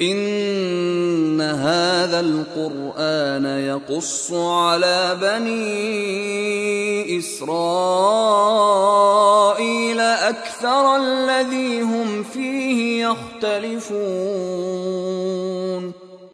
إن هذا القرآن يقص على بني إسرائيل أكثر الذي هم فيه يختلفون